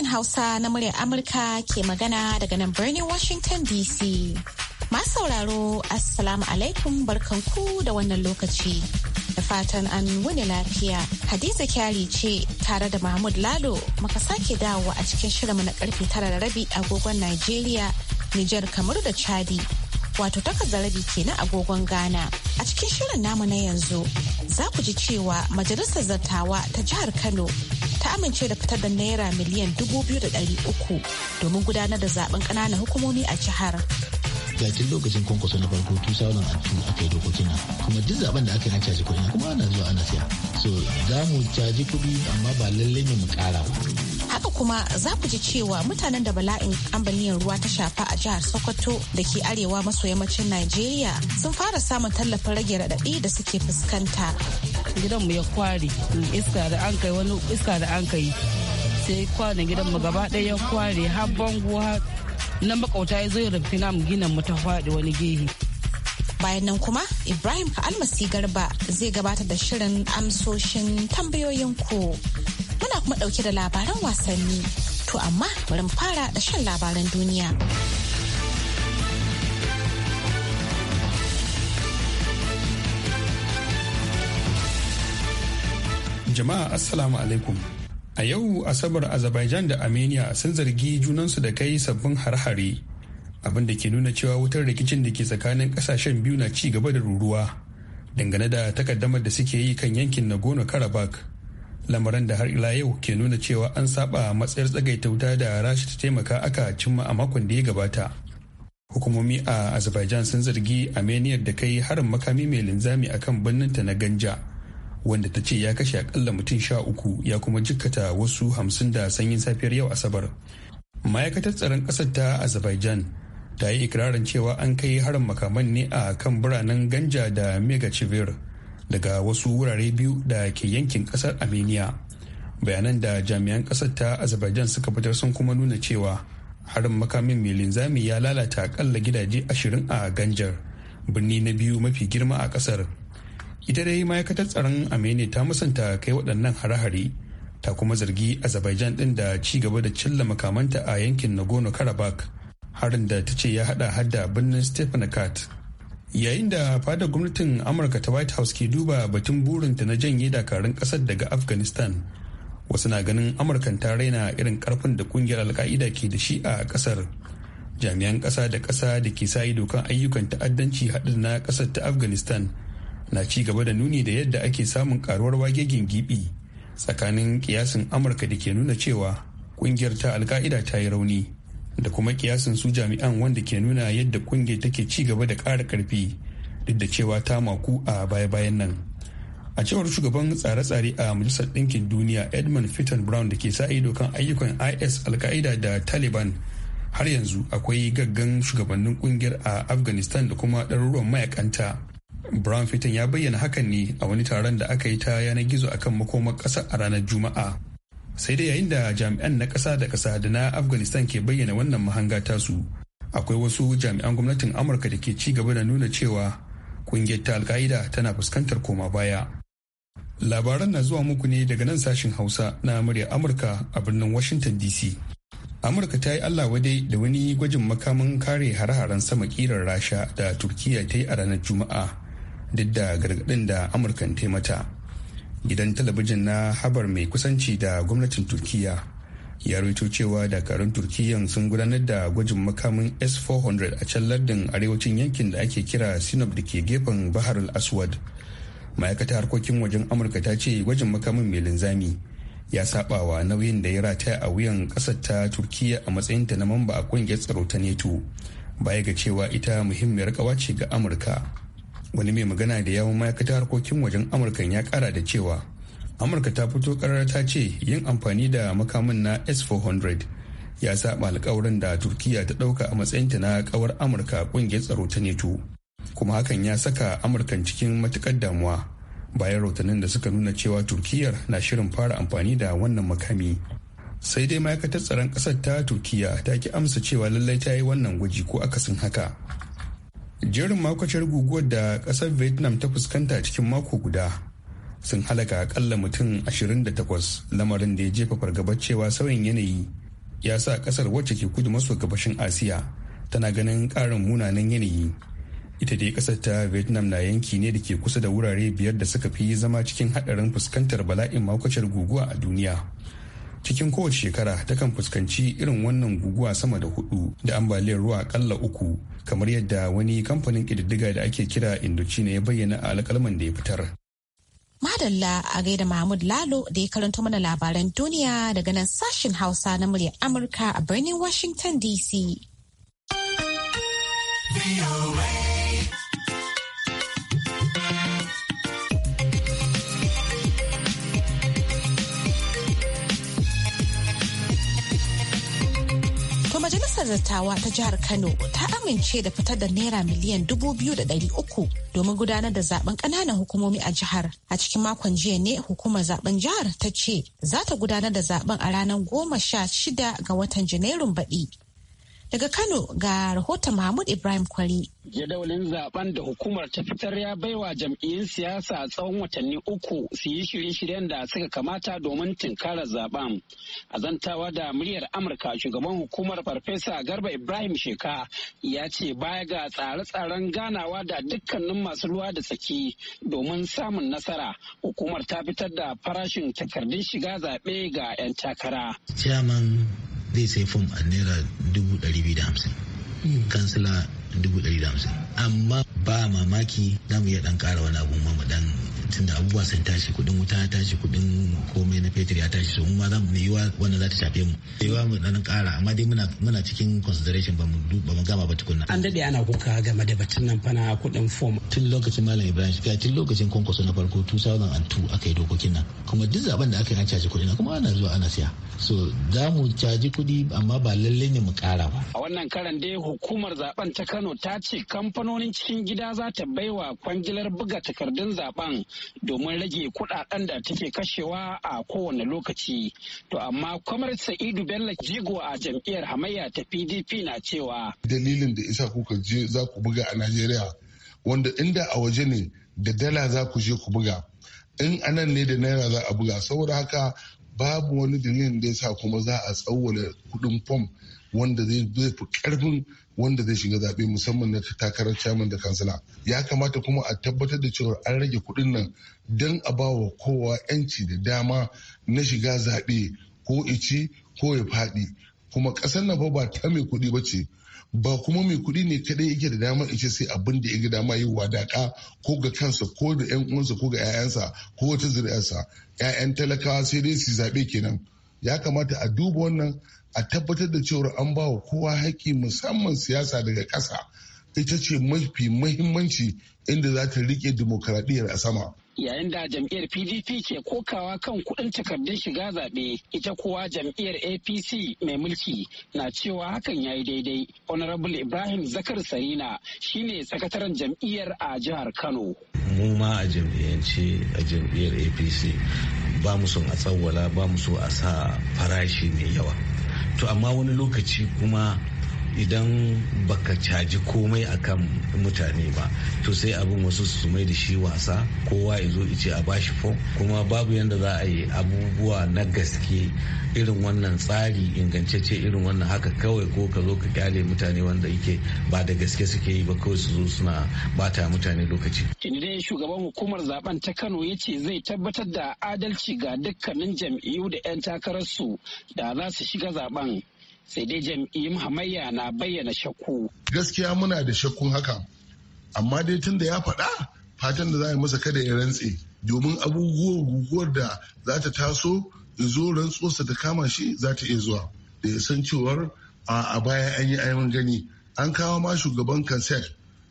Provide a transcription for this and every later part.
sashen Hausa na muryar Amurka ke magana daga nan birnin Washington DC. Masu sauraro, Assalamu alaikum barkanku da wannan lokaci. Da fatan an wuni lafiya, Hadiza Kyari ce tare da Mahmud Lalo maka sake dawo a cikin shirinmu na karfe tara da rabi agogon Najeriya, Nijar, Kamaru da Chadi. Wato da rabi na agogon Ghana. A cikin shirin namu na yanzu, za ku ji cewa Majalisar Zartawa ta Jihar Kano ta amince da fitar da naira miliyan dubu biyu da dari uku domin gudanar da zaben ƙananan hukumomi a jihar. yakin lokacin kwankwaso na farko 2002 aka yi dokokin nan kuma duk zaben da aka yi an caji kuɗi kuma ana zuwa ana siya so za mu caji kuɗi amma ba lallai ne mu ƙara haka kuma za ku ji cewa mutanen da bala'in ambaliyar ruwa ta shafa a jihar sokoto da ke arewa maso yammacin najeriya sun fara samun tallafin rage raɗaɗi da suke fuskanta gidanmu ya kware mm, iska da an kai wani iska da an kai sai kwanan gidanmu gaba ɗaya ya kware har bango na makauta ya zo ya rufe namu ginin mu ta faɗi wani gehe bayan nan kuma ibrahim almasi garba zai gabatar da shirin amsoshin tambayoyin ku muna kuma ɗauke da labaran wasanni to amma bari fara da shan labaran duniya Jama'a Assalamu alaikum. A yau Asabar Azerbaijan da Armenia sun zargi junansu da kai sabbin har-hare. Abin da ke nuna cewa wutar rikicin da ke tsakanin kasashen biyu na ci gaba da ruruwa dangane da takaddamar da suke yi kan yankin Nagorno-Karabakh. Lamarin da har ila yau ke nuna cewa an saba matsayar tsagaita wuta da rashi ta taimaka aka cimma a makon da ya gabata. hukumomi a azerbaijan sun zargi armenia da kai harin makami mai linzami akan birnin ta na ganja wanda ta ce ya kashe akalla mutum sha uku ya kuma jikkata wasu hamsin da sanyin safiyar yau asabar ma'aikatar tsaron ƙasar ta azerbaijan ta yi ikirarin cewa an kai harin makaman ne a kan biranen ganja da mega megachivir daga wasu wurare biyu da ke yankin ƙasar armenia bayanan da jami'an ƙasar ta azerbaijan suka fitar sun kuma nuna cewa harin makamin mai linzami ya lalata akalla gidaje ashirin a ganjar birni na biyu mafi girma a ƙasar ita dai ma'aikatar tsaron amene ta musanta kai waɗannan hare-hare ta kuma zargi azerbaijan ɗin da ci gaba da cilla makamanta a yankin nagorno karabakh harin da ta ce ya hada hadda birnin stepanakat yayin da fadar gwamnatin amurka ta white house ke duba batun burinta na janye dakarun ƙasar daga afghanistan wasu na ganin amurkan ta raina irin karfin da ƙungiyar alka'ida ke da shi a ƙasar jami'an ƙasa da ƙasa da ke sa ido kan ayyukan ta'addanci haɗin na kasar ta afghanistan na ci gaba da nuni da yadda ake samun karuwar wage gibi tsakanin kiyasin amurka da ke nuna cewa kungiyar ta alka'ida ta yi rauni da kuma kiyasin su jami'an wanda ke nuna yadda kungiyar take ci gaba da ƙara karfi duk da cewa ta maku a baya-bayan nan a cewar shugaban tsare-tsare a majalisar ɗinkin duniya edmund fitton brown da ke sa ido kan ayyukan is alka'ida da taliban har yanzu akwai gaggan shugabannin kungiyar a afghanistan da kuma ɗaruruwan mayakanta brown fitton ya bayyana hakan ne a wani taron da aka yi ta yanar gizo akan makomar ƙasa a ranar juma'a sai dai yayin da jami'an na ƙasa da ƙasa da na afghanistan ke bayyana wannan mahanga tasu akwai wasu jami'an gwamnatin amurka da ke ci gaba da nuna cewa ƙungiyar ta alka'ida tana fuskantar koma baya labaran na zuwa muku ne daga nan sashin hausa na murya amurka a birnin washington dc amurka ta yi allah wadai da wani gwajin makamin kare hare-haren sama kirar rasha da turkiyya ta yi a ranar juma'a duk da gargaɗin da amurkan taimata gidan talabijin na habar mai kusanci da gwamnatin turkiya ya rito cewa dakarun turkiyyan sun gudanar da gwajin makamin s-400 a can lardin arewacin yankin da ake kira sinop da ke gefen bahar al-aswad ma'aikata harkokin wajen amurka ta ce gwajin makamin mai linzami ya sabawa nauyin da ya rataya a wuyan kasar ta turkiyya a matsayinta na mamba a kungiyar tsaro ta neto baya ga cewa ita muhimmiyar kawace ga amurka wani mai magana da yawon ma'aikatar harkokin wajen amurka ya kara da cewa amurka ta fito karar ta ce yin amfani da makamin na s-400 ya saba alkawarin da turkiya ta dauka a matsayinta na kawar amurka kungiyar tsaro ta neto kuma hakan ya saka amurkan cikin matukar damuwa bayan rahotannin da suka nuna cewa turkiyar na shirin fara amfani da wannan makami sai dai ma'aikatar tsaron ƙasar ta turkiya ta ki amsa cewa lallai ta yi wannan gwaji ko akasin haka jerin makwacin guguwar da kasar vietnam ta fuskanta cikin mako guda sun halaka akalla mutum 28 lamarin da ya jefa fargabar cewa sauyin yanayi ya sa kasar wacce ke kudu maso gabashin asiya tana ganin karin munanan yanayi ita dai kasar ta vietnam na yanki ne da ke kusa da wurare biyar da suka fi zama cikin hadarin fuskantar bala'in makwacin guguwa a duniya cikin kowace shekara takan fuskanci irin wannan guguwa sama da hudu da ambaliyar ruwa akalla uku kamar yadda wani kamfanin ƙididdiga da ake kira indochina ya bayyana a alƙalman da ya fitar madalla a gaida mahmud lalo da ya karanto mana labaran duniya daga nan sashen hausa na murya amurka a birnin washington dc Majalisar Dattawa ta jihar Kano ta amince da fitar da Naira miliyan dubu biyu da ɗari uku domin gudanar da zaben kananan hukumomi a jihar. A cikin makon jiya ne hukumar zaben jihar ta ce za ta gudanar da zaben a ranar goma sha shida ga watan Janairun baɗi. Daga Kano ga rahoton Mahmud Ibrahim Kwari. Jadawalin zaben da hukumar ta fitar ya baiwa jam'iyyun siyasa tsawon watanni uku su yi shirye-shiryen da suka kamata domin tunkarar zaben. A zantawa da muryar Amurka shugaban hukumar Farfesa Garba Ibrahim Sheka ya ce baya ga tsare-tsaren ganawa da dukkanin masu ruwa da tsaki domin samun nasara hukumar ta fitar da farashin takardun shiga zaɓe ga 'yan takara. zai sai fom a naira dubu hmm. kansila dubu amma ba mamaki za mu iya dan kara wani abu mamadan mu tunda abubuwa sun tashi kuɗin wuta ya tashi kuɗin komai na fetur ya tashi so mu ma za mu yi wannan za ta shafe mu yiwa mu dan kara amma dai muna muna cikin consideration ba mu ba mu gama ba tukunna an dade ana kuka game da batun nan fana kuɗin form tun lokacin malam Ibrahim Shika tun lokacin konkoso na farko 2002 aka yi dokokin nan kuma duk zaben da aka yi an caji kuɗi kuma ana zuwa ana siya so za mu caji kuɗi amma ba lallai ne mu kara ba a wannan karan dai hukumar zaben ta Kano ta ce kamfanonin cikin gida za ta baiwa kwangilar buga takardun zaben domin rage kuɗaɗen da take kashewa a kowane lokaci. To amma kamar Sa'idu Bello Jigo a jam'iyyar hamayya ta PDP na cewa. Dalilin da isa kuka je za ku buga a Najeriya wanda inda a waje ne da dala za ku je ku buga. In anan ne da naira za a buga saboda haka babu wani dalilin da ya sa kuma za a tsawwala kudin fom wanda zai fi karfin wanda zai shiga zaɓe musamman na takarar chairman da kansila ya kamata kuma a tabbatar da cewa an rage kudin nan don a ba wa kowa 'yanci da dama na shiga zaɓe ko ici ko ya faɗi kuma ƙasar na ba ta mai kuɗi ba ce ba kuma mai kuɗi ne kadai yake da dama ice sai abin da yake dama yi wadaƙa ko ga kansa ko da yan uwansa ko ga 'ya'yansa ko wata zuri'arsa 'ya'yan talakawa sai dai su zaɓe kenan ya kamata a duba wannan a tabbatar da cewar an ba wa kowa haƙƙi musamman siyasa daga ƙasa ita ce mafi muhimmanci inda za ta riƙe dimokuraɗiyyar a sama yayin da jam'iyyar pdp ke kokawa kan kuɗin takardun shiga zaɓe ita kuwa jam'iyyar apc mai mulki na cewa hakan yayi daidai honorable ibrahim zakar sarina shine sakataren jam'iyyar a jihar kano mu ma a jam'iyyance a jam'iyyar apc ba mu son a tsawwala ba mu so a sa farashi mai yawa to amma wani lokaci kuma idan baka caji komai akan mutane ba to sai abin wasu su mai da shi wasa kowa ya zo ice a bashi fom kuma babu yadda za a yi abubuwa na gaske irin wannan tsari ingantacce irin wannan haka kawai ko ka zo ka kyale mutane wanda yake ba da gaske suke yi ba kawai su zo suna bata mutane lokaci. dai shugaban hukumar zaben ta Kano ya ce zai tabbatar da adalci ga dukkanin jam'iyyu da 'yan takararsu da za su shiga zaben. sai dai jam'iyyun hamayya na bayyana shakku. Gaskiya muna da shakkun haka, amma dai tun da ya faɗa fatan da za a masa kada ya rantse domin abubuwan guguwar da za ta taso zo rantsuwarsa ta kama shi za ta iya zuwa da ya san cewar a baya an yi ayyukan gani an kawo ma shugaban kansel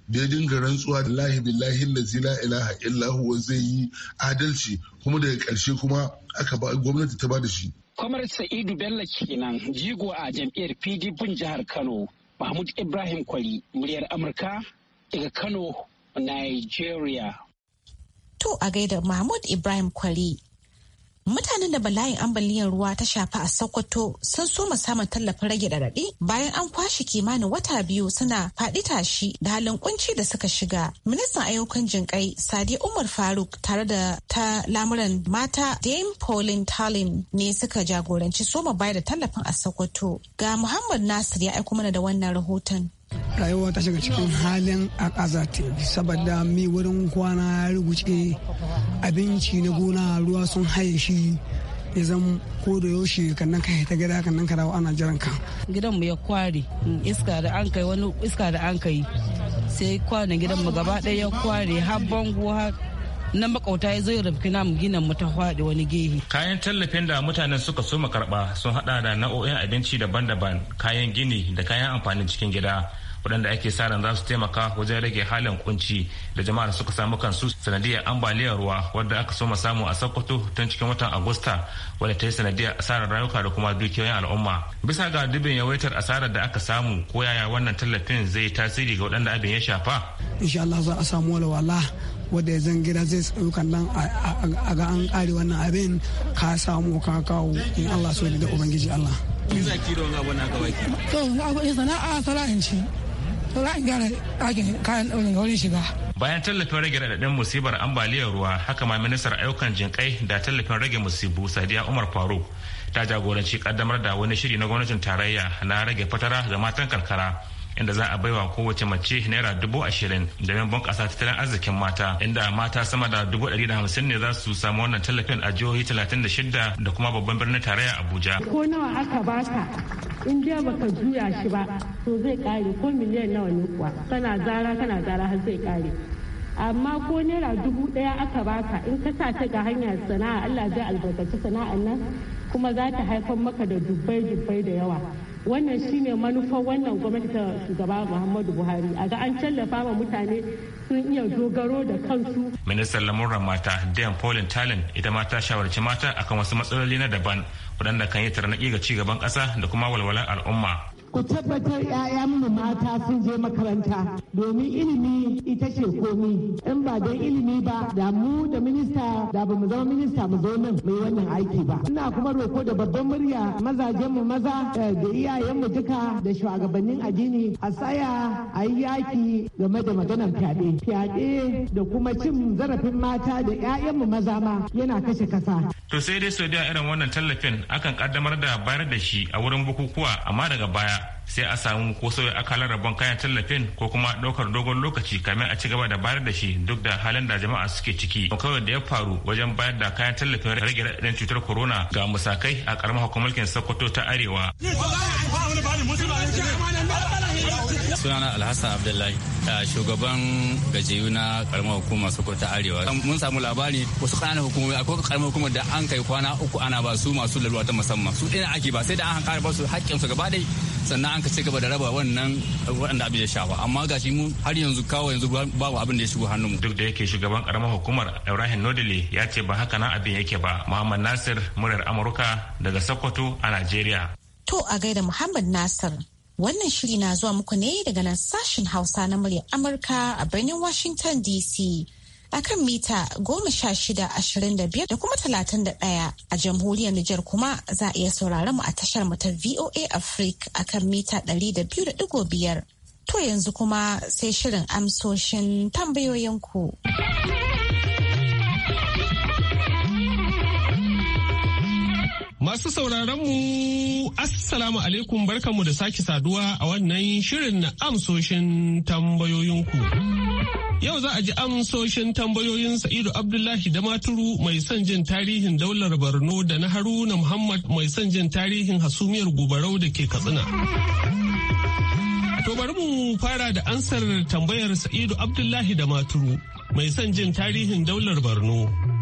da ya dinga rantsuwa da lahi billahi lazi la ilaha illahu zai yi adalci kuma daga karshe kuma aka ba gwamnati ta ba da shi Kwamar Sa'idu Bello kenan jigo a jam'iyyar PDP jihar Kano. Mahmud Ibrahim Kwari, muryar Amurka daga Kano, Nigeria. To a gaida Mahmud Ibrahim Kwari. Mutanen da bala'in ambaliyar ruwa ta shafa a Sokoto sun soma samun tallafin rage raɗaɗi bayan an kwashe kimanin wata biyu suna faɗi tashi da halin kunci da suka shiga. Ministan ayyukan jinƙai Sadi Umar Faruk tare da ta lamuran mata Dame Pauline Talin ne suka jagoranci soma bayar da tallafin a Sokoto. Ga Muhammad Nasir ya aiko mana da wannan rahoton. rayuwa ta shiga cikin halin a akazati saboda mi wurin kwana ya rubuce abinci na gona ruwa sun haye shi ya zan ko da yaushe kan nan kai ta gida kan nan ka dawo ana jiran ka gidan mu ya kware iska da an kai wani iska da an kai sai kwanan gidan mu gaba ɗaya ya kware har bango har na makauta ya zai rafi mu gina mu ta faɗi wani gehe. Kayan tallafin da mutanen suka so mu karɓa sun haɗa da nau'o'in abinci daban-daban, kayan gini da kayan amfanin cikin gida. waɗanda ake sa ran za su taimaka wajen rage halin kunci da jama'ar suka samu kansu sanadiyar ambaliyar ruwa wadda aka soma samu a sokoto tun cikin watan agusta wadda ta yi sanadiyar asarar rayuka da kuma dukiyoyin al'umma bisa ga dubin yawaitar asarar da aka samu ko yaya wannan tallafin zai tasiri ga waɗanda abin ya shafa insha Allah za a samu walwala wadda ya zan gida zai ɗaukan nan a ga an ƙare wannan abin ka samu ka kawo in Allah so da ubangiji Allah. Ni za ki abu na gabaki. To, eh, sana'a ce. bayan tallafin rage raɗaɗin musibar ambaliyar ruwa haka ma ministar ayyukan jinƙai da tallafin rage musibu sadiya umar faruk ta jagoranci kaddamar da wani shiri na gwamnatin tarayya na rage fatara ga matan karkara inda za a baiwa kowace mace naira dubu ashirin domin bunƙasa tattalin arzikin mata inda mata sama da dubu ɗari da hamsin ne za su samu wannan tallafin a jihohi talatin da shida da kuma babban birnin tarayya abuja. ko nawa aka baka in dai baka juya shi ba to zai kare ko miliyan nawa ne kuwa kana zara kana zara har zai kare amma ko naira dubu ɗaya aka baka in ka sa ta ga hanyar sana'a allah zai albarkaci sana'an nan kuma za ta haifar maka da dubbai dubbai da yawa wannan shine manufar wannan gwamnati ta shugaba muhammadu buhari a ga an tallafa wa mutane sun iya dogaro da kansu ministan lamuran mata dan paulin talin ita ma ta shawarci mata akan wasu matsaloli na daban waɗanda kan yi tarnaƙi ga cigaban ƙasa da kuma walwalar al'umma ku tabbatar 'ya'yanmu mata sun je makaranta domin ilimi ita ce komi in ba don ilimi ba da mu da minista da ba mu zama minista mu zo nan yi wannan aiki ba ina kuma roko da babban murya mazajenmu maza eh, da iyayenmu duka da shugabannin addini a tsaya a yi yaki game da maganar fyaɗe fyaɗe da kuma cin zarafin mata da mu maza ma yana kashe kasa to sai dai sau da irin wannan tallafin akan kaddamar da bayar da shi a wurin bukukuwa amma daga baya sai a samu ko sauya akalar rabon kayan tallafin ko kuma ɗaukar dogon lokaci kamar a ci gaba da bayar da shi duk da halin da jama'a suke ciki kawai da ya faru wajen bayar da kayan tallafin rage raɗaɗin cutar corona ga musakai a ƙaramar hukumar sokoto ta arewa. sunana alhassan abdullahi eh, shugaban gajiyu na karamar hukumar sokoto arewa mun samu labari wasu kananan hukumomi akwai karamar hukumar da an kai kwana uku ana ba su masu lalura ta musamman su ɗaya ake ba sai da an kare ba su haƙƙin su gaba dai sannan an ka ci gaba da raba wannan waɗanda abin sha ba amma gashi mu har yanzu kawo yanzu babu abin da ya shigo mu duk da yake shugaban karamar hukumar Ibrahim Nodile ya ce ba haka nan abin yake ba Muhammad Nasir muryar Amurka daga Sokoto a Najeriya to a gaida Muhammad Nasir Wannan shiri na zuwa muku ne daga nan sashen Hausa na muryar Amurka a birnin Washington DC. A kan mita goma sha da kuma talatin ɗaya a jamhuriyar Nijar kuma za a iya sauraron mu a tashar mu ta VOA Africa a kan mita ɗari da biyu da To yanzu kuma sai shirin amsoshin tambayoyinku. ku. Masu sauraronmu, Assalamu alaikum barkanmu da sake saduwa a wannan shirin na amsoshin tambayoyinku. Yau za a ji amsoshin tambayoyin Sa'idu Abdullahi da Maturu mai son jin tarihin daular Borno da na Haruna Muhammad mai son jin tarihin hasumiyar gobarau da ke Katsina. To bari mu fara da ansar tambayar Sa'idu Abdullahi da Maturu mai son jin tarihin daular Borno.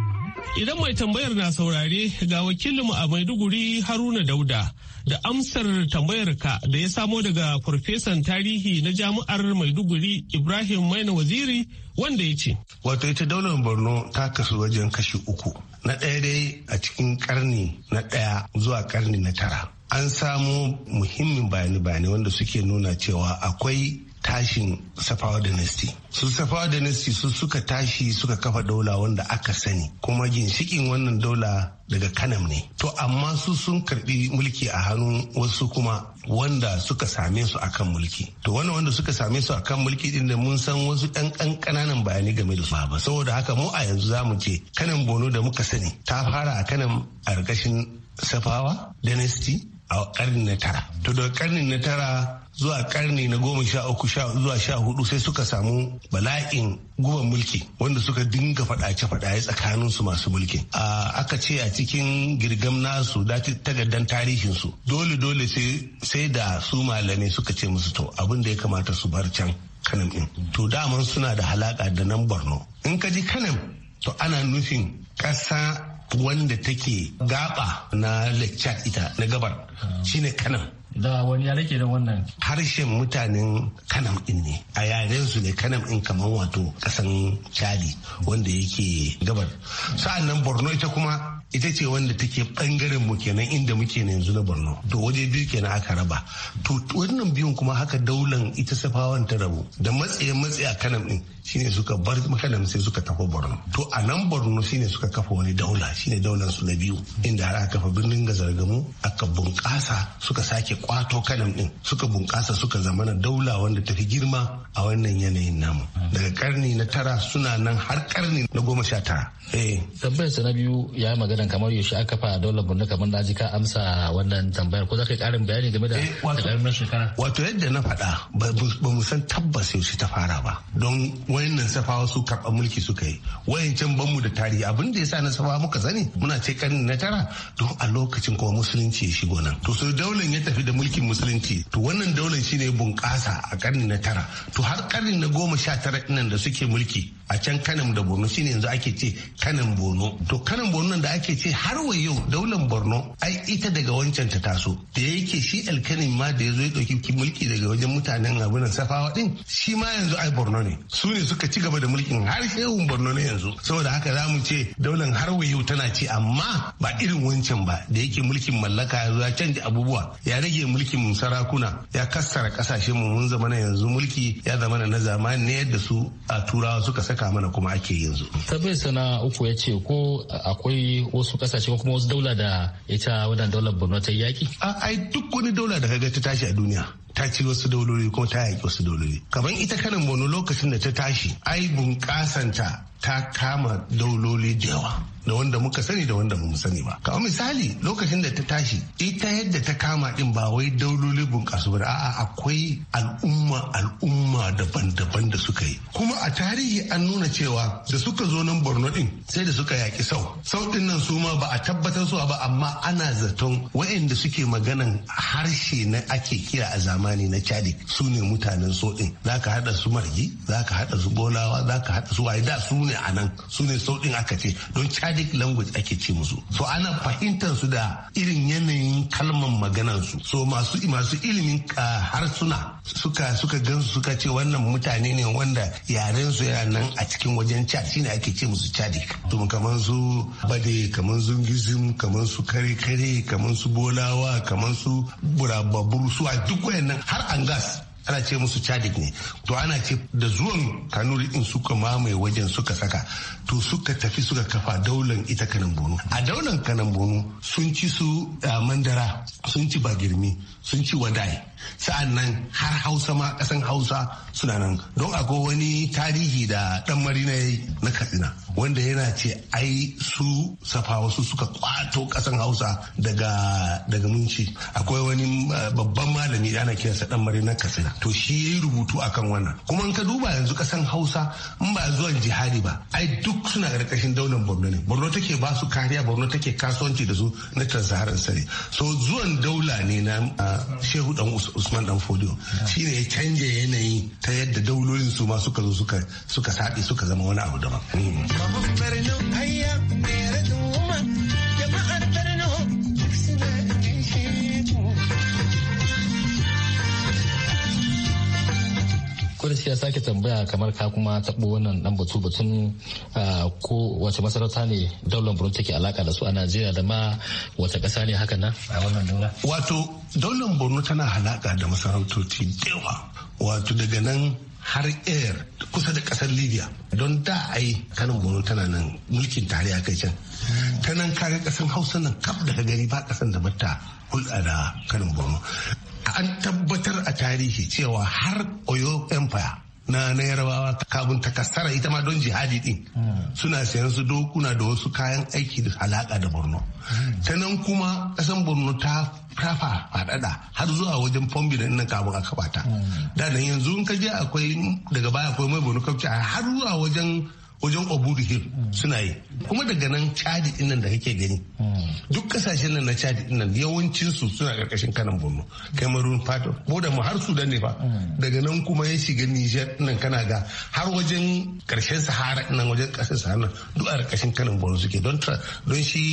Idan mai tambayar na saurare ga wakilinmu a Maiduguri Haruna Dauda da amsar tambayarka da ya samo daga farfesan tarihi na jami'ar Maiduguri Ibrahim Maina Waziri wanda ya ce. Wato ita daular Borno ta kasu wajen kashi uku. Na ɗaya dai a cikin karni na ɗaya zuwa karni na tara. An samo muhimmin bayani-bayani wanda suke nuna cewa akwai tashin Safawa Dynasty. Su Safawa da Dynasty su suka tashi suka kafa daula wanda aka sani kuma ginshikin wannan daula daga Kanam ne. To amma su sun karbi mulki a hannun wasu kuma wanda suka same su akan mulki. To wannan wanda suka same su akan mulki din da mun san wasu ɗan ƙan ƙananan bayanai game da su Saboda haka mu a yanzu zamu ce kanan Bono da muka sani ta fara a kanan a ƙarƙashin Safawa Dynasty a karni na tara. To daga karni na tara zuwa karni na goma sha uku zuwa sha hudu sai suka samu bala'in guban mulki wanda suka dinga fadace fadaye tsakanin su masu mulki aka ce a cikin girgam nasu dati tagaddan tarihin su dole dole sai da su malamai suka ce musu to abin da ya kamata su bar can kanam din to dama suna da halaka da nan borno in ka ji kanam to ana nufin ƙasa wanda take gaba na lecture ita na gabar shine kanam. da wani yare ke da wannan harshen mutanen kanam din ne a yaren su ne kanam din kamar wato kasan chali wanda yake gabar sa'an nan borno ita kuma ita ce wanda take bangaren mu kenan inda muke na yanzu na borno to waje biyu kenan aka raba to wannan biyun kuma haka daulan ita safawan ta rabu da matsaye matsaye a kanan din shine suka bar kanan sai suka tafi borno to a nan borno shine suka kafa wani daula shine daulan su na biyu inda har aka kafa birnin gazargamu aka bunkasa suka sake kwato kanan din suka bunkasa suka zama na daula wanda tafi girma a wannan yanayin namu daga karni na tara suna nan har karni na goma sha tara. Eh. Tabbayar na biyu ya magana irin kamar yaushe aka fa dole bunna kamar da ji ka amsa wannan tambayar ko za ka yi karin bayani game da eh, takamaiman shekara. Wato yadda na faɗa ba mu san tabbas yaushe ta fara ba don nan safawa su karɓa mulki suka yi wayan wayancan banmu da tarihi abin da ya sa na safawa muka sani muna ce karni na tara don a lokacin kuma musulunci ya shigo nan to sai daular ya tafi da mulkin musulunci to wannan daular shine bunƙasa a karni na tara to har karni na goma sha tara inan da suke mulki a can kanan da borno shine yanzu ake ce kanan borno to kanan borno da ake ce har wa yau daular borno ai ita daga wancan ta taso da yake shi alkanin ma da ya zo ya dauki mulki daga wajen mutanen abunan safawa din shi ma yanzu ai borno ne su ne suka ci gaba da mulkin har shehun borno ne yanzu saboda haka za mu ce daular har wa yau tana ce amma ba irin wancan ba da yake mulkin mallaka ya zo ya canja abubuwa ya rage mulkin sarakuna ya kassara kasashen mu mun zama na yanzu mulki ya zama na zamani ne yadda su a turawa suka saka saka mana kuma ake yanzu. Tabbai sana uku ya ce ko akwai wasu kasashe ko kuma wasu daula da ita wadanda daular Borno ta yaki? A ai duk wani daula da ka kaga ta tashi a duniya ta ci wasu dauloli ko ta yaƙi wasu dauloli kamar ita kanin bono lokacin da ta tashi ai bunƙasanta ta kama dauloli da yawa da wanda muka sani da wanda mu sani ba kamar misali lokacin da ta tashi ita yadda ta kama din ba wai dauloli bunƙasa ba a'a akwai al'umma al'umma daban-daban da suka yi kuma a tarihi an nuna cewa da suka zo nan borno din sai da suka yaki sau sau din nan su ma ba a tabbatar su ba amma ana zaton waɗanda suke maganan harshe na ake kira a zamani na chadi su ne mutanen so din za ka haɗa su margi za ka haɗa su bolawa za ka haɗa su waye su ne a nan su ne so aka ce don cadi language ake ce musu so ana fahimtar su da irin yanayin kalman maganan su so masu masu ilimin harsuna suka suka gansu suka ce wannan mutane ne wanda yaren su yana nan a cikin wajen chad shine ake ce musu cadi to kamar su bade kamar gizim kamar su kare kare kamar su bolawa kamar su burababuru su a duk wayan nan har an gas ana ce musu cadik ne to ana ce da zuwan kanuri din suka mamaye wajen suka saka to suka tafi suka kafa daulan ita kanan bono a daulan kanan bono sun ci su eh, mandara sun ci bagirmi sun ci wadai sa'an nan har hausa ma kasan hausa suna nan don akwai wani tarihi da dan marina yayi na katsina wanda yana ce ai su safa wasu suka kwato kasan hausa daga daga munci akwai wani eh, babban malami da ana kiransa dan marina katsina to shi ya yi rubutu akan wannan kuma in ka duba yanzu kasan hausa in ba zuwan jihadi ba ai duk suna karkashin daular borno ne borno take ba su kariya borno take kasuwanci da su na transaharan sare so zuwan daula ne na eh, shehu dan usu usman dan fodiyo shine ya canja yanayi ta yadda daulolin su ma suka zo suka suka suka zama wani abu daban dole sai ya sake tambaya kamar ka kuma tabo wannan ɗan batu batun ko wace masarauta ne daular Borno take alaka da su a Najeriya da ma wace ƙasa ne haka nan a wannan daula. Wato daular Borno tana alaka da masarautoci yawa wato daga nan har air kusa da kasar libya don da ai kanin borno tana nan mulkin tarayya kai can ta nan kare ƙasar hausa nan kaf daga gari ba ƙasar da mata hulɗa da kanin borno an tabbatar a tarihi cewa har oyo empire na na yarbawa kabin ta kasara ita ma don jihadi din hmm. suna sayan su dokuna da wasu kayan aiki da alaka da borno hmm. ta nan kuma kasan borno ta fafa faɗaɗa har zuwa wajen fombi da nan kabin aka bata hmm. da yanzu in ka je akwai daga baya akwai mai borno kauce har zuwa wajen wajen oburu hill suna yi kuma daga nan cadi dinnan da kake gani duk kasashen nan na cadi dinnan yawancinsu suna karkashin kanan borno cameroon fata ko da mu har sudan ne ba daga nan kuma ya shiga niger nan kana ga har wajen karshen sahara nan wajen kasar sahara duk a karkashin kanan borno suke don don shi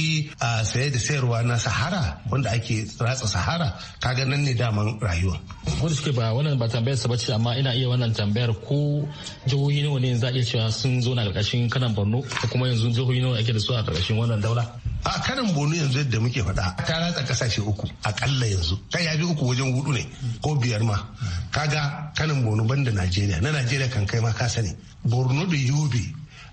a saye da sayarwa na sahara wanda ake ratsa sahara kaga nan ne daman rayuwa wanda suke ba wannan ba tambayar sa bace amma ina iya wannan tambayar ko jihohi nawa ne za a iya cewa sun zo na karkashin kanan borno da kuma yanzu jihohi nawa ake da su a karkashin wannan daula a kanan borno yanzu yadda muke faɗa ta ratsa kasashe uku akalla yanzu kai ya bi uku wajen hudu ne ko biyar ma kaga kanan borno banda najeriya na najeriya kan kai ma ka sani borno da yobe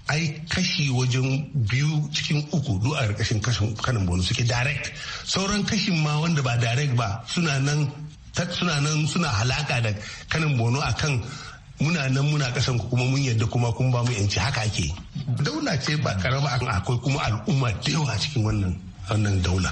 ai kashi wajen biyu cikin uku duk a kashin kanan borno suke direct sauran kashin ma wanda ba direct ba suna nan suna nan suna halaka da kanin bono akan muna nan muna kasan ku kuma mun yadda kuma kun ba mu yanci haka ake daula ce ba karama akwai kuma al'umma da yawa cikin wannan wannan daula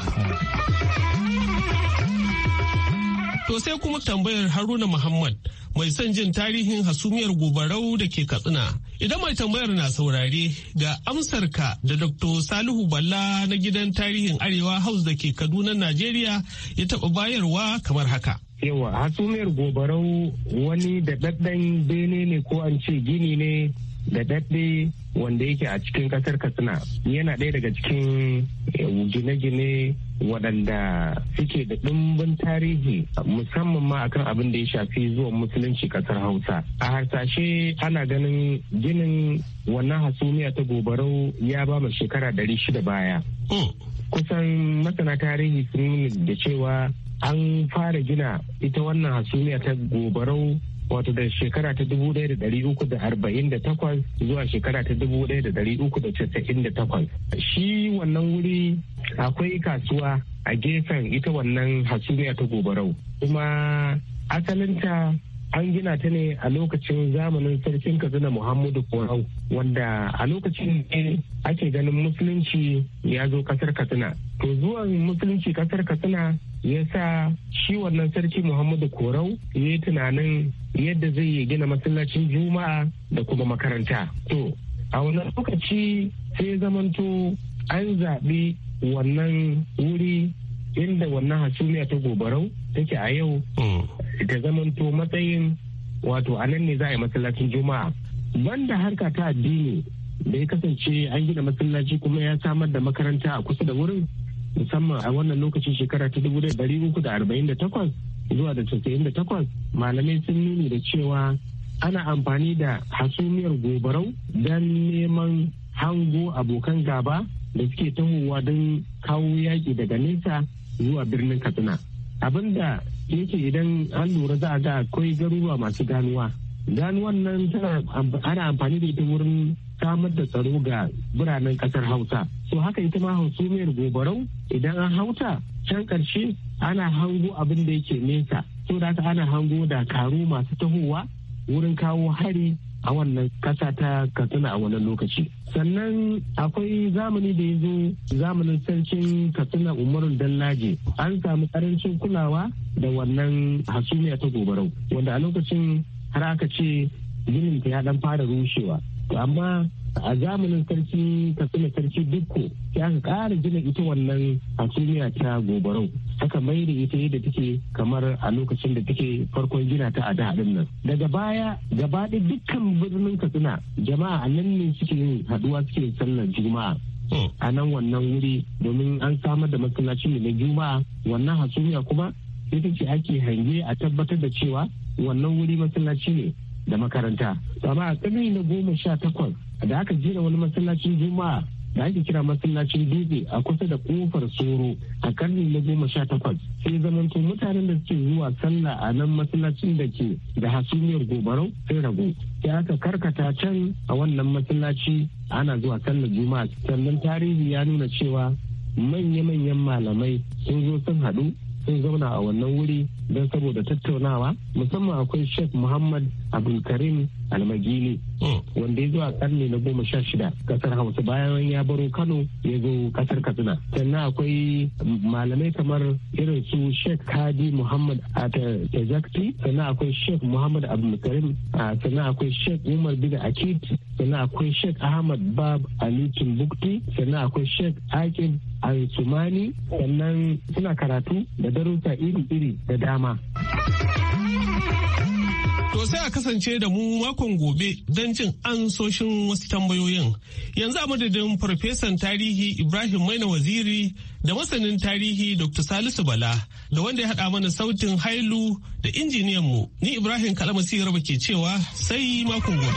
To sai kuma tambayar Haruna Muhammad mai son jin tarihin hasumiyar gobarau da ke Katsina. Idan mai tambayar na saurare ga amsarka da Dr. Salihu Balla na gidan tarihin Arewa House da ke Kaduna, Najeriya ya taɓa bayarwa kamar haka. yawa hasumiyar gobarau wani daɗaɗɗen bene ne ko an ce gini ne daɗaɗɗe daɗe wanda yake a cikin ƙasar katsina yana ɗaya daga cikin eh, gine-gine waɗanda suke da ɗumbin tarihi musamman ma akan abin da ya shafi zuwa musulunci ƙasar hausa a harsashe ana ganin ginin wannan hasumiya ta gobarau ya ba mu shekara shida baya oh. kusan masana tarihi sun nuna da cewa an fara gina ita wannan hasumiya ta gobarau wato da shekara ta 1348 zuwa shekara ta 1398 shi wannan wuri akwai kasuwa a gefen ita wannan hasumiya ta gobarau kuma asalinta an gina ta ne a lokacin zamanin sarkin katsina muhammadu korau wanda a lokacin ne ake ganin musulunci ya zo kasar katsina to zuwan musulunci kasar katsina ya sa shi wannan sarki muhammadu korau ya yi tunanin yadda zai yi gina masallacin juma'a da kuma makaranta to a wannan lokaci sai zamanto an zaɓi wannan wuri inda wannan hasumiya ta gobarau take a yau mm. ta zamanto matsayin wato a nan ne za a yi masallacin juma'a banda harka ta addini da ya kasance an gina masallaci kuma ya samar da makaranta a kusa da wurin musamman a wannan lokacin shekara ta dubu uku da arba'in da takwas zuwa da casa'in da takwas malamai sun nuni da cewa ana amfani da hasumiyar gobarau don neman hango abokan gaba da suke tahowa don kawo yaƙi daga nesa zuwa birnin katsina abinda da yake idan an lura za a ga akwai garuruwa masu ganuwa ganuwan nan tana ana amfani da ita wurin samar da tsaro ga biranen kasar hausa so haka ita ma hausumiyar gobarau idan an hauta can karshe ana hango abin da yake nesa so da ana hango da karu masu tahowa wurin kawo hari a wannan kasa ta katsina a wannan lokaci sannan akwai zamani da ya zo zamanin sarkin katsina umarun dallaje an samu karancin kulawa da wannan hasumiya ta gobarau wanda a lokacin har aka ce ginin ta ya dan fara rushewa amma a zamanin sarki katsina sarki dukko ya aka ƙara gina ita wannan hasumiya ta gobarau aka mai da ita yadda take kamar a lokacin da take farkon gina ta a da nan daga baya gaba dukkan birnin katsina jama'a a nan ne suke yin haduwa suke sallar juma'a hmm. a nan wannan wuri domin an samar da masallaci ne na juma'a wannan hasumiya kuma ita ce ake hange a tabbatar da cewa wannan wuri masallaci ne da makaranta amma a na goma sha takwas da aka jera wani masallacin juma'a da ake kira masallacin dutse a kusa da kofar soro a karni na goma sha takwas sai zamanto mutanen da suke zuwa sallah a nan masallacin da ke da hasumiyar gobarau sai rago sai aka karkata can a wannan masallaci ana zuwa sallar juma'a sannan tarihi ya nuna cewa manya-manyan malamai sun zo sun haɗu sun zauna a wannan wuri don saboda tattaunawa musamman akwai sheikh muhammad abdulkarim almagini hmm. wanda ya zo a karni na goma sha shida kasar hausa bayan ya baro kano ya zo kasar katsina sannan akwai malamai kamar irin su sheikh kadi muhammad a tazakti sannan akwai sheikh muhammad abdulkarim sannan akwai sheikh umar bin akid sannan akwai sheikh ahmad bab ali timbukti sannan akwai sheikh akib al-sumani sannan suna karatu da darussa iri-iri da dama. To sai a kasance da mu makon gobe don jin ansoshin wasu tambayoyin. Yanzu a madadin farfesan tarihi Ibrahim Maina Waziri da masanin tarihi Dr. Salisu Bala da wanda ya haɗa mana sautin hailu da injiniyan mu ni Ibrahim Kalama Garba ke cewa sai makon gobe.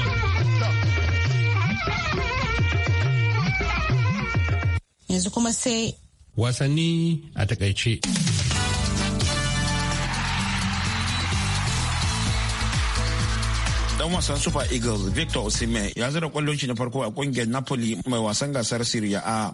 Yanzu kuma sai wasanni a takaice. dan wasan Super Eagles Victor Osimhen ya zira kwallon shi na farko a kungiyar Napoli mai wasan gasar Serie A.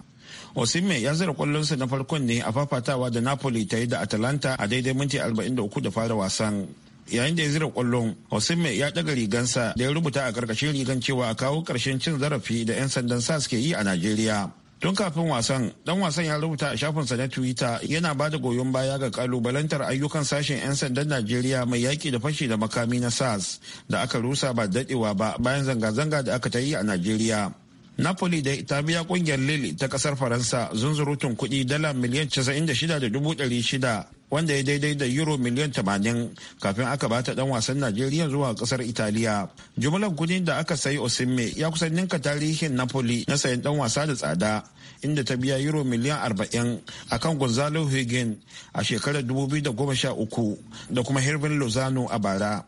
Osimhen ya zira kwallon sa na farkon ne a fafatawa da Napoli ta yi da Atalanta a daidai minti 43 da fara wasan. Yayin da ya zira kwallon, Osimhen ya daga rigansa da ya rubuta a karkashin rigan cewa a kawo karshen cin zarafi da 'yan sandan sa suke yi a Najeriya. Tun kafin wasan, dan wasan ya rubuta a shafinsa na Twitter yana ba da goyon baya ga kalubalantar ayyukan sashen 'yan sandan Najeriya mai yaƙi da fashi da makami na SARS da aka rusa ba daɗewa ba bayan zanga-zanga da aka ta yi a Najeriya. napoli da ta biya kungiyar lille ta kasar faransa zunzurutun kuɗi dala miliyan 96,600 wanda ya daidai da euro miliyan 80 kafin aka bata dan wasan najeriya zuwa kasar italiya jumlar kudin da aka sayi osimme ya kusan ninka tarihin napoli na sayan dan wasa da tsada inda ta biya euro miliyan 40 kan gonzalo higuin a shekarar 2013 da kuma herbin lozano a bara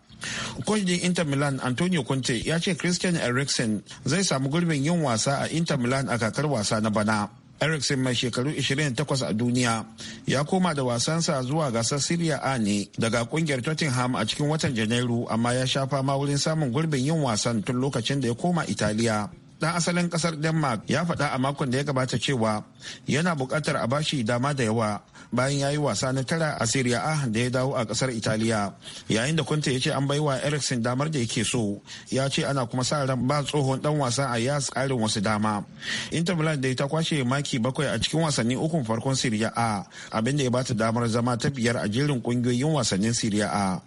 Coach Inter Milan Antonio Conte ya ce Christian Eriksen zai samu gurbin yin wasa a Inter Milan a kakar wasa na bana. Eriksen mai shekaru 28 a duniya ya koma da wasansa zuwa gasar syria A ne daga kungiyar Tottenham a cikin watan Janairu amma ya sha fama wurin samun gurbin yin wasan tun lokacin da ya koma Italiya. dan asalin kasar denmark ya faɗa a makon da ya gabata cewa yana buƙatar a bashi dama da yawa bayan ya yi wasa na tara a syria a da ya dawo a kasar italiya yayin da kunta ya ce an baiwa ericsson damar da yake so ya ce ana kuma sa ran ba tsohon dan wasa a yas ƙarin wasu dama inter milan da ta kwashe maki bakwai a cikin wasanni ukun farkon syria a abinda ya bata damar zama ta biyar a jerin ƙungiyoyin wasannin syria a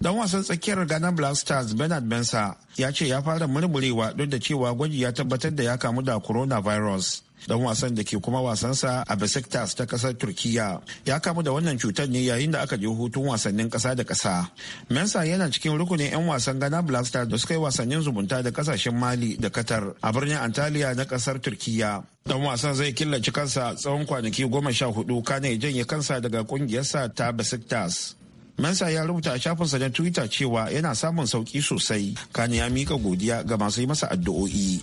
Dan wasan tsakiyar Ghana Black Stars Bernard Bensa ya ce ya fara murmurewa duk da cewa gwaji ya tabbatar da ya kamu da coronavirus. Dan wasan da ke kuma wasansa a Besiktas ta kasar Turkiya ya kamu da wannan cutar ne yayin da aka je hutun wasannin kasa da kasa. Mensa yana cikin rukunin 'yan wasan Ghana Black Stars da suka yi wasannin zubunta da kasashen Mali da Qatar a birnin Antalya na kasar Turkiya. Dan wasan zai killaci kansa tsawon kwanaki goma sha hudu kane ya janye kansa daga kungiyarsa ta Besiktas. Mensa ya rubuta a shafinsa na Twitter cewa yana samun sauki sosai, kane ya mika godiya ga masu yi masa addu'o'i.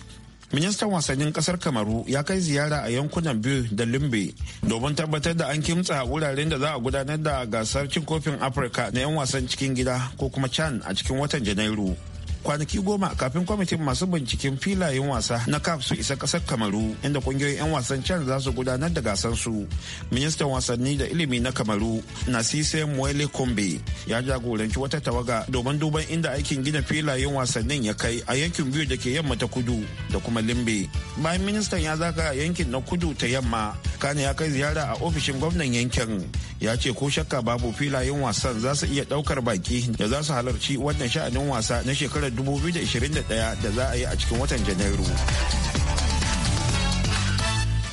Ministan wasannin kasar Kamaru ya kai ziyara a yankunan biyu da Limbe domin tabbatar da an kimtsa wuraren da za a gudanar da gasar cin kofin Afirka na 'yan wasan cikin gida ko kuma Chan a cikin watan Janairu. kwanaki goma kafin kwamitin masu binciken filayen wasa na CAF su isa kasar Kamaru inda kungiyoyin 'yan wasan can za su gudanar da gasan su. Ministan wasanni da ilimi na Kamaru Nasise moele Kombe ya jagoranci wata tawaga domin duban inda aikin gina filayen wasannin ya kai a yankin biyu da ke yamma ta kudu da kuma Limbe. Bayan ministan ya zaka yankin na kudu ta yamma, Kane ya kai ziyara a ofishin gwamnan yankin ya ce ko shakka babu filayen wasan za su iya daukar baki da za su halarci wannan sha'anin wasa na shekarar 2021 da za a yi a cikin watan janairu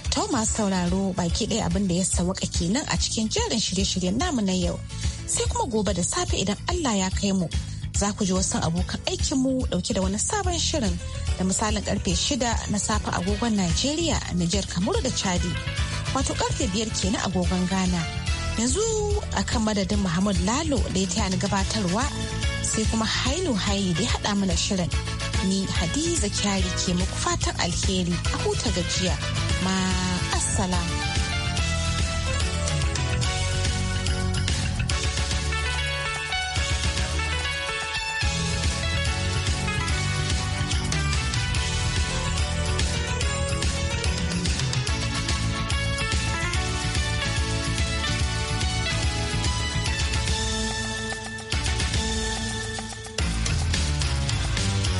Thomas sauraro baki ɗaya abin da ya sawaka kenan a cikin jerin shirye-shiryen namu na yau sai kuma gobe da safe idan Allah ya kai mu za ku ji wasu abokan aikinmu dauke da wani sabon shirin da misalin karfe shida na safe agogon Najeriya a Nijar kamuru da Chadi wato karfe biyar kenan agogon Ghana yanzu akan madadin Muhammad Lalo da ya taya gabatarwa sai kuma hailu haili da ya haɗa mana shirin. Ni Hadiza Kyari ke muku fatan alheri a huta gajiya. Ma assalamu.